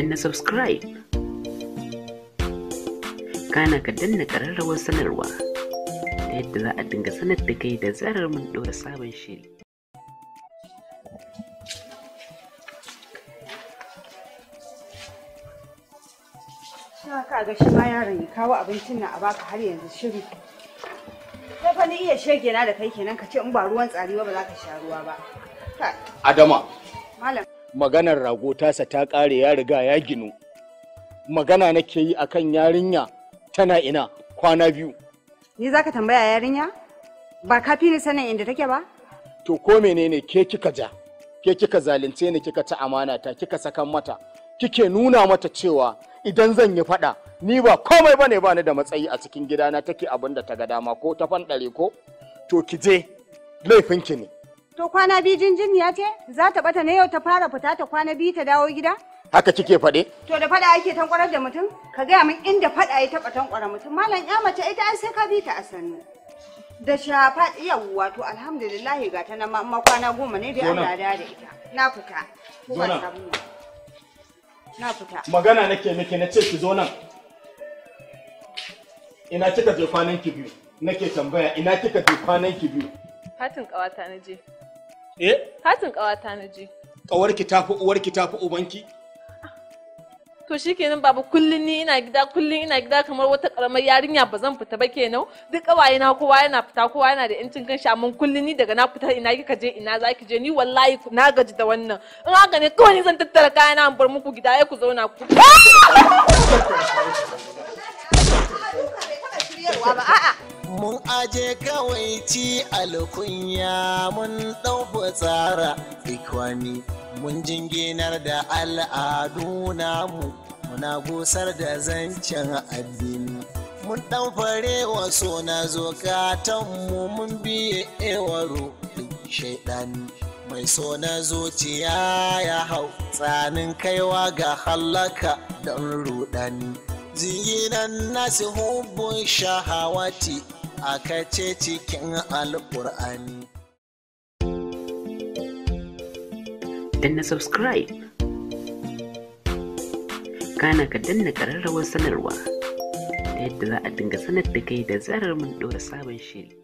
danna subscribe kana ka danna ƙararrawar sanarwa ta yadda za a dinga sanar da kai da zarar mun ɗora sabon shiri ka ga shi ma yaron ya kawo abincin nan a baka har yanzu shiru sai fa iya shege na da kai kenan ka ce in ba ruwan tsari ba ba za ka sha ruwa ba adama malam maganar rago tasa ta ƙare ya riga ya ginu magana nake yi akan yarinya tana ina kwana biyu ni za ka tambaya yarinya ba ka fi ni sanin inda take ba to ko menene ke kika ja ke kika zalunce ni kika ta amana ta kika sakan mata kike nuna mata cewa idan zan yi faɗa ni ba komai bane ba ni da matsayi a cikin gidana take abin da ta ga dama ko ta fanɗare ko to ki je laifinki ne To kwana biyu jinjiniya ce? Za ta bata ne yau ta fara fita ta kwana biyu ta dawo gida? Haka kike faɗe? To da faɗa ake tankwarar da mutum? Ka gaya min inda faɗa ya taɓa tankwara mutum. Malam ya mace ita ai sai ka bi ta a sannu. Da shafa yawwa to alhamdulillahi ga ta nan ma kwana goma ne dai Allah da da ita. Na fita. Zona. Na fita. Magana nake miki na ce ki zo nan. Ina kika je kwanan ki biyu? Nake tambaya ina kika je kwanan ki biyu? Fatin ƙawata na je. Eh? katin ƙawata na je. Ƙawarki ta fi uwarki ta fi ubanki? To shi kenan baba kullum ni ina gida kullum ina gida kamar wata ƙaramar yarinya ba zan fita ba kenan duk ƙawaye na kowa yana fita kowa yana da yancin kan amma kullum ni daga na fita ina kika je ina za ki je ni wallahi na gaji da wannan in haka ne kawai ni zan tattara kayana in bar muku gida ya ku zauna ku. je kawai ci alkunya mun ɗau tsara ikwani mun jinginar da al'adu namu muna gusar da zancen addini mun ɗan fare wa suna mu mun biye ewaro shaidani mai sona zuciya ya hau tsanin kaiwa ga hallaka don rudani ziyinan nasi hubun shahawati aka ce cikin alƙur'ani. Danna subscribe kana ka danna ƙararrawar sanarwa ta yadda za a dinga sanar da kai da zarar mun ɗora sabon shiri.